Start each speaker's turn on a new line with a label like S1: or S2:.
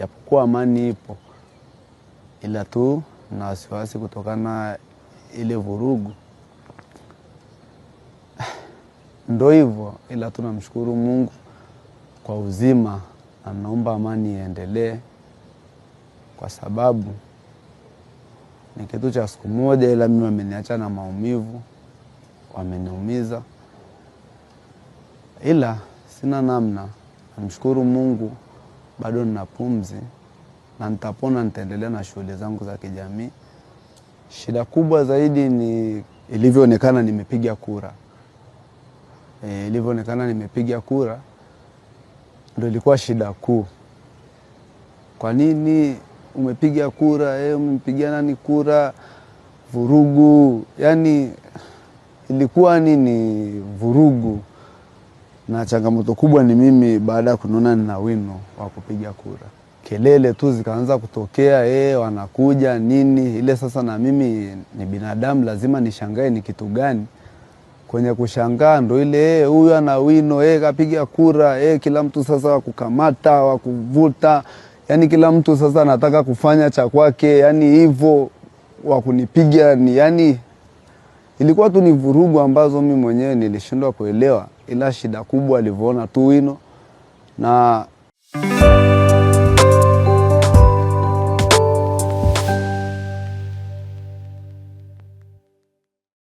S1: japokuwa amani ipo, ila tu na wasiwasi kutokana ile vurugu. Ndo hivyo, ila tunamshukuru Mungu kwa uzima, na naomba amani iendelee, kwa sababu ni kitu cha siku moja, ila mimi wameniacha na maumivu, wameniumiza, ila sina namna, namshukuru Mungu bado nina pumzi na nitapona, nitaendelea na shughuli zangu za kijamii. Shida kubwa zaidi ni ilivyoonekana nimepiga kura e, ilivyoonekana nimepiga kura ndio ilikuwa shida kuu. Kwa nini umepiga kura? E, umempigia nani kura? Vurugu, yani ilikuwa nini? Vurugu na changamoto kubwa ni mimi, baada ya kuniona nina wino wa kupiga kura, kelele tu zikaanza kutokea, e, wanakuja nini ile. Sasa na mimi ni binadamu, lazima nishangae ni kitu gani kwenye kushangaa ndo ile eh, huyu ana wino e, kapiga kura e, kila mtu sasa wakukamata wakuvuta, yani kila mtu sasa anataka kufanya cha kwake, yani hivyo wakunipiga ni yani Ilikuwa tu ni vurugu ambazo mi mwenyewe nilishindwa kuelewa, ila shida kubwa alivyoona tu wino na